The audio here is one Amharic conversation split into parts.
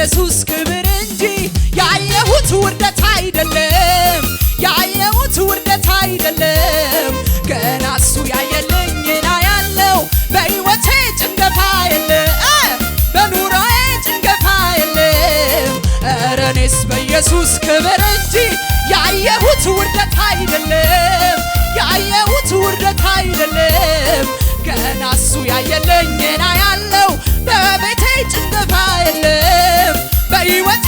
ለኢየሱስ ክብር እንጂ ያየሁት ውርደት አይደለም፣ ያየሁት ውርደት አይደለም። ገና እሱ ያየልኝና ና ያለው በሕይወቴ ጭንገፋ የለ፣ በኑሮዬ ጭንገፋ የለም። እረ እኔስ በኢየሱስ ክብር እንጂ ያየሁት ውርደት አይደለም፣ ያየሁት ውርደት አይደለም። ገና እሱ ያየልኝ ና ያለው በቤቴ ጭንገፋ የለም በሕይወቴ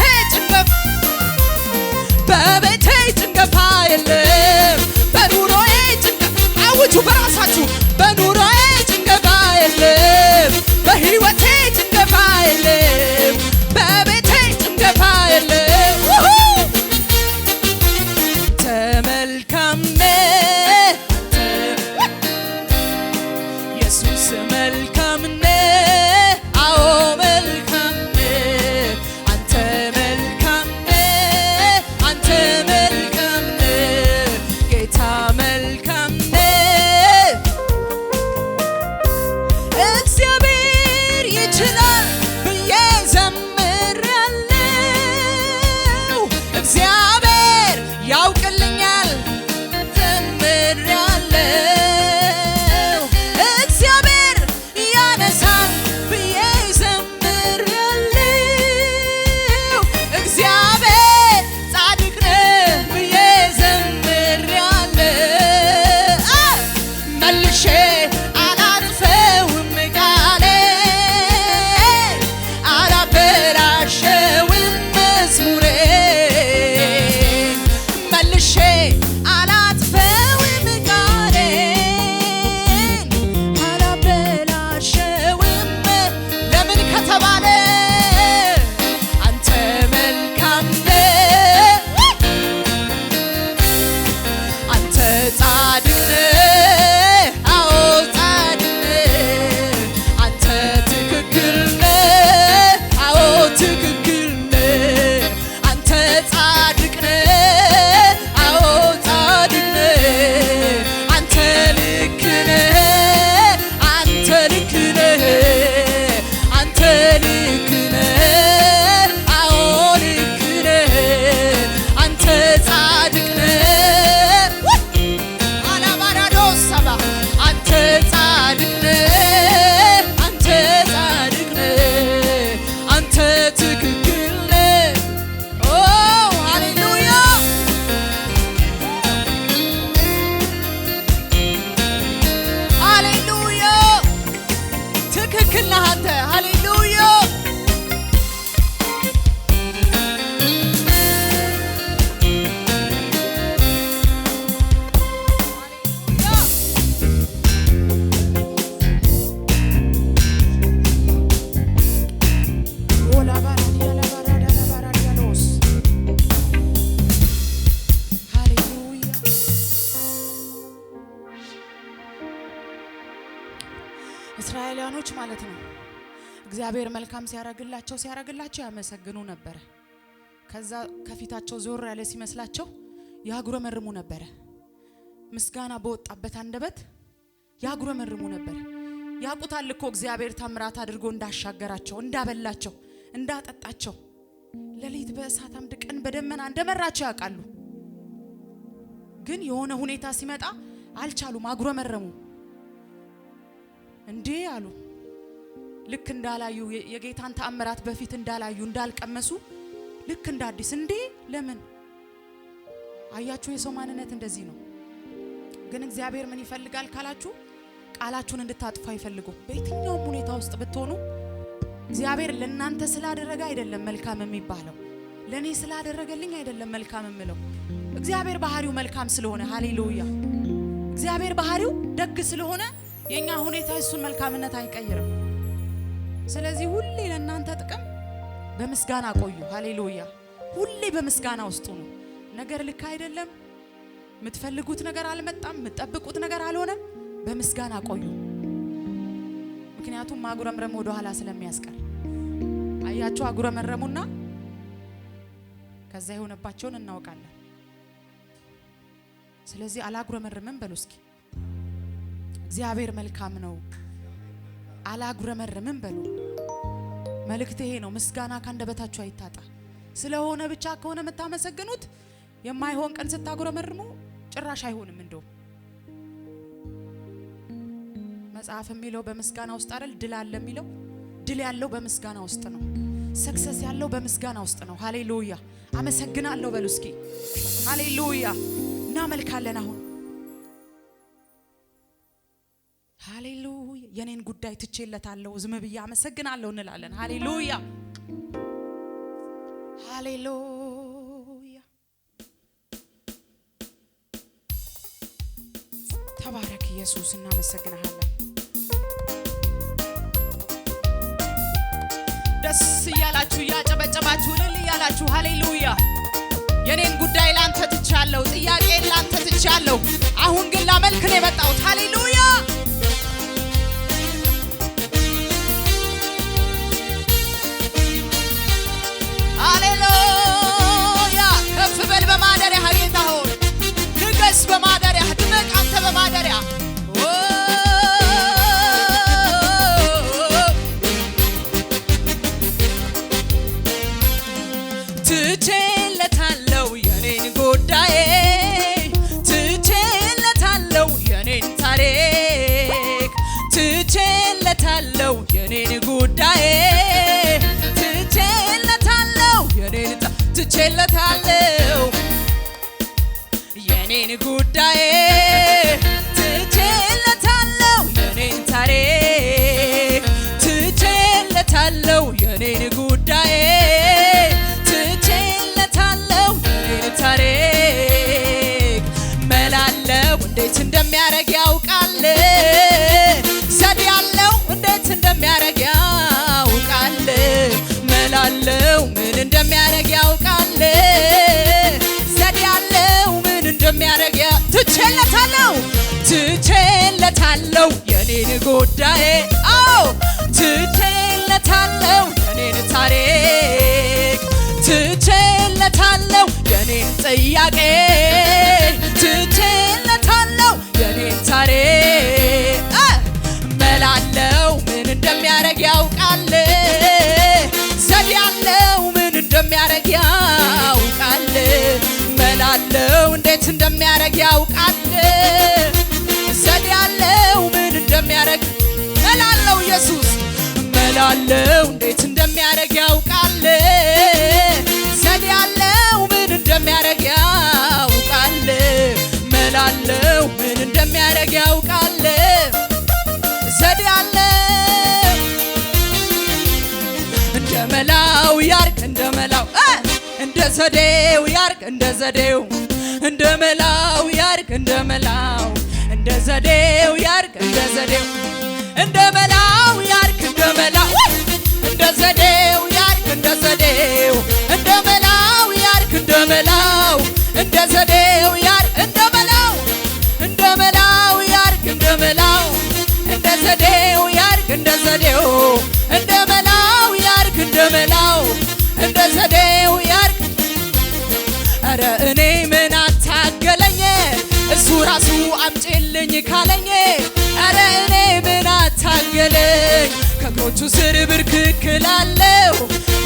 ክርስቲያኖች ማለት ነው እግዚአብሔር መልካም ሲያረግላቸው ሲያረግላቸው ያመሰግኑ ነበረ። ከዛ ከፊታቸው ዞር ያለ ሲመስላቸው ያጉረመርሙ ነበረ። ምስጋና በወጣበት አንደበት ያጉረመርሙ ነበረ። ያቁታል እኮ እግዚአብሔር ታምራት አድርጎ እንዳሻገራቸው፣ እንዳበላቸው፣ እንዳጠጣቸው ሌሊት በእሳት አምድ ቀን በደመና እንደመራቸው ያውቃሉ። ግን የሆነ ሁኔታ ሲመጣ አልቻሉም፣ አጉረመረሙ። እንዴ አሉ። ልክ እንዳላዩ የጌታን ተአምራት በፊት እንዳላዩ እንዳልቀመሱ ልክ እንደ አዲስ እንዴ ለምን አያችሁ? የሰው ማንነት እንደዚህ ነው። ግን እግዚአብሔር ምን ይፈልጋል ካላችሁ ቃላችሁን እንድታጥፉ አይፈልጉም። በየትኛውም ሁኔታ ውስጥ ብትሆኑ እግዚአብሔር ለእናንተ ስላደረገ አይደለም መልካም የሚባለው፣ ለእኔ ስላደረገልኝ አይደለም መልካም የምለው። እግዚአብሔር ባህሪው መልካም ስለሆነ፣ ሃሌሉያ! እግዚአብሔር ባህሪው ደግ ስለሆነ የእኛ ሁኔታ የእሱን መልካምነት አይቀይርም። ስለዚህ ሁሌ ለእናንተ ጥቅም በምስጋና ቆዩ። ሃሌሉያ! ሁሌ በምስጋና ውስጡ ነው። ነገር ልክ አይደለም፣ የምትፈልጉት ነገር አልመጣም፣ የምትጠብቁት ነገር አልሆነም፣ በምስጋና ቆዩ። ምክንያቱም ማጉረምረም ወደ ኋላ ስለሚያስቀር፣ አያችሁ፣ አጉረመረሙና ከዛ የሆነባቸውን እናውቃለን። ስለዚህ አላጉረመርምም በሉ እስኪ እግዚአብሔር መልካም ነው፣ አላጉረመረምም በሉ። መልእክት ይሄ ነው። ምስጋና ካንደበታችሁ አይታጣ። ስለሆነ ብቻ ከሆነ የምታመሰግኑት የማይሆን ቀን ስታጉረመርሙ ጭራሽ አይሆንም። እንደው መጽሐፍ የሚለው በምስጋና ውስጥ አይደል? ድል አለ የሚለው ድል ያለው በምስጋና ውስጥ ነው። ሰክሰስ ያለው በምስጋና ውስጥ ነው። ሃሌሉያ! አመሰግናለሁ በሉ እስኪ። ሃሌሉያ! እናመልካለን አሁን የኔን ጉዳይ ትቼለታለሁ፣ ዝም ብዬ አመሰግናለሁ እንላለን። ሃሌሉያ ሃሌሉያ። ተባረክ ኢየሱስ፣ እናመሰግናለን። ደስ እያላችሁ እያጨበጨባችሁ ልል እያላችሁ ሃሌሉያ። የኔን ጉዳይ ላንተ ትቻለሁ፣ ጥያቄን ላንተ ትቻለሁ። አሁን ግን ላመልክ ነው የመጣሁት። ትቼለታለው የኔን ጉዳይ ትቼለታለው የኔን ታሪክ ትቼለታለው የኔን ጉዳይ ትቼለታለው የኔን ታሪክ መላለው እንዴት እንደሚያደርግ ያውቃል ዘዴ ያለው እንዴት እንደሚያደርግ ያውቃል መላለው ምን እንደሚያደርግ ያውቃል ስለሚያደርግ ትቼለታለው ትቼለታለው የኔን ጉዳዬ አዎ ትቼለታለው የኔን ታሬ ትቼለታለው የኔን ጥያቄ ትቼለታለው የኔን ታሬ መላለው ምን እንደሚያደርግ ያውቃል ዘብ ያለው ምን እንደሚያደርግ ያውቃል ያለው እንዴት እንደሚያረግ ያውቃል። ዘዴ ያለው ምን እንደሚያረግ መላለው ኢየሱስ መላለው እንዴት እንደሚያረግ ያውቃል። ዘዴ ያለው ምን እንደሚያረግ ያውቃል። መላለው ምን እንደሚያረግ ያውቃል። ዘዴ ያለው እንደመላው መላው እንደመላው እንደ ዘዴው ያርቅ እንደ ዘዴው እንደ መላው ያርቅ እንደ መላው እንደ ዘዴው ያርቅ እንደ ዘዴው እንደ መላው ያርቅ እንደ መላው እንደ ዘዴው ያርቅ እንደ ዘዴው እንደ መላው ያርቅ እንደ መላው እንደ ዘዴው ያርቅ እንደ መላው እንደ መላው ያርቅ እንደ መላው እንደ ዘዴው ያርቅ እንደ ዘዴው እንደ አምጪልኝ ካለኝ እረ እኔ ምን አታገለኝ ከእግሮቹ ስር ብርክክላለው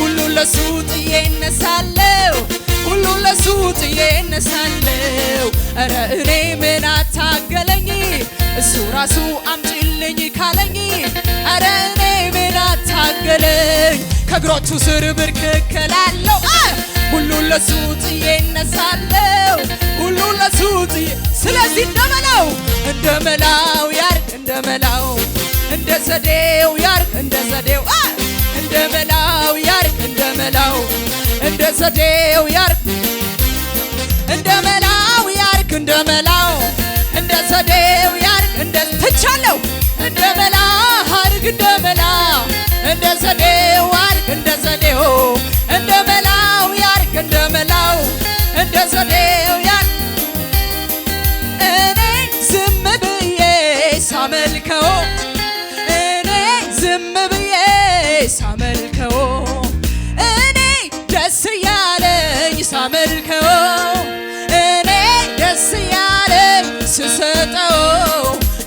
ሁሉን ለሱ ጥዬ እነሳለሁ ሁሉን ለሱ ጥዬ እነሳለሁ እረ እኔ ምን አታገለኝ እሱ ራሱ አምጪልኝ ካለኝ እረ እኔ ምን አታገለኝ ከእግሮቹ ስር ብርክክላለው። ሁሉ ለሱ ጥዬ እነሳለው ሁሉ ለሱ ጥዬ ስለዚህ እንደ መላው እንደ መላው ያርግ እንደ መላው እንደ ዘዴው ያርግ እንደ ዘዴው እንደ ያርግ እንደ እንደ ዘዴው ያርግ እንደ ያርግ እንደ እንደ ዘዴው ያርግ እንደ ትቻለው እንደ መላ አርግ እንደ መላ ነው እኔ ደስ ያለኝ ስሰጠው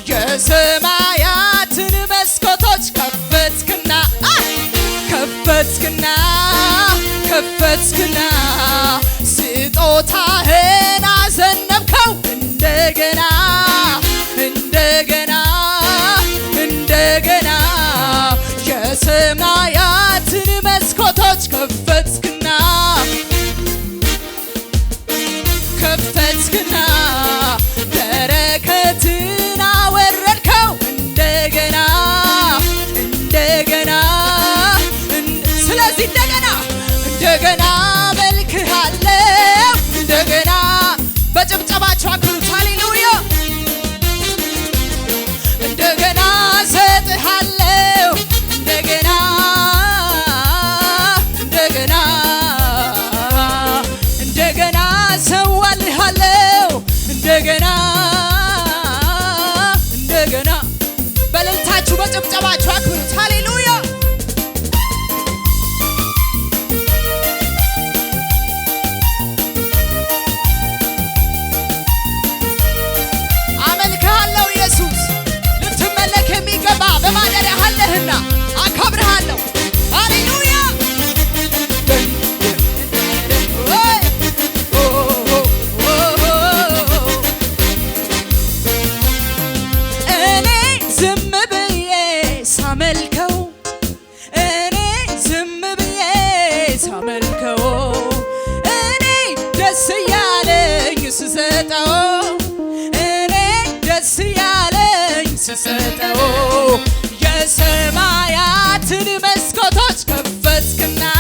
የሰማያትን መስኮቶች ከፈትክና ከፈትክና ከፈትክና ስጦታ በጭብጨባችሁ አክብሩት። ሰጠው የሰማያትን መስኮቶች ከፈትክና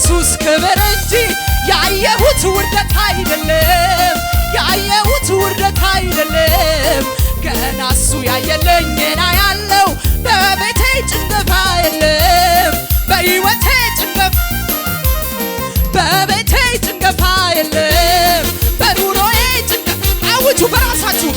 ኢየሱስ ክብር እንጂ ያየሁት ውርደት አይደለም፣ ያየሁት ውርደት አይደለም። ገና እሱ ያየለኝና ያለው በቤቴ ጭንገፋ የለም፣ በሕይወቴ ጭንገፋ በቤቴ ጭንገፋ የለም፣ በኑሮዬ ጭንገፋ አውጁ በራሳችሁ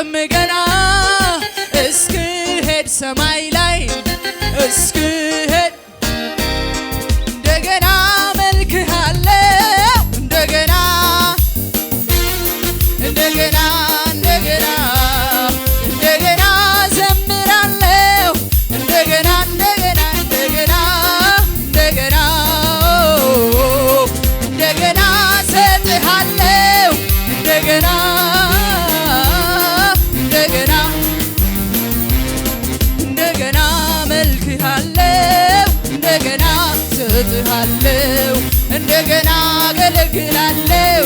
አላውቅም ገና እንደገና አገለግላለሁ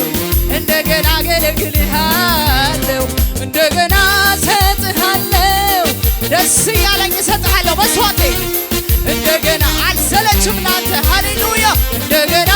እንደገና አገለግልሃለሁ እንደገና እሰጥሃለሁ ደስ እያለኝ መስዋዕቴ እንደገና አልሰለችም ናንተ ሃሌሉያ እንደገና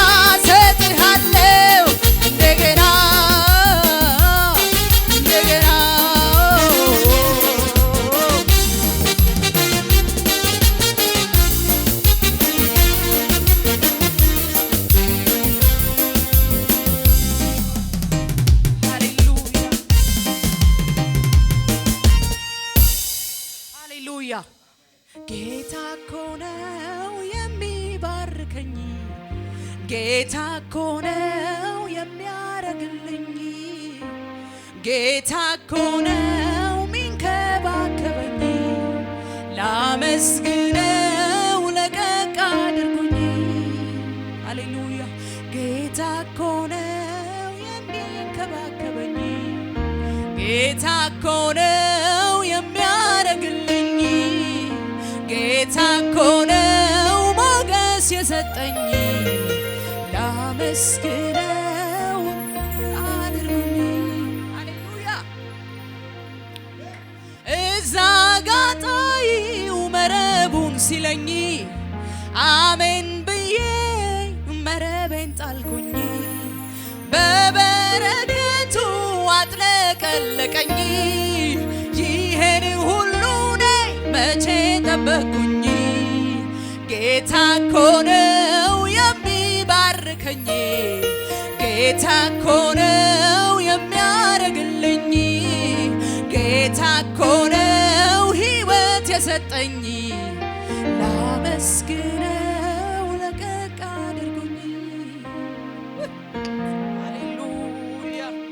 ጌታ እኮ ነው የሚንከባከበኝ፣ ጌታ እኮ ነው የሚያደርግልኝ፣ ጌታ እኮ ነው ሞገስ የሰጠኝ። ላመስግነው አድርጉኝ። አሌሉያ እዛ ጋጣይው መረቡን ሲለኝ አሜን በረከቱ አጥለቀለቀኝ። ይሄን ሁሉ ነይ መቼ ጠበቅኩኝ? ጌታ እኮ ነው የሚባርከኝ፣ ጌታ እኮ ነው የሚያደርግልኝ፣ ጌታ እኮ ነው ሕይወት የሰጠኝ ላመስግን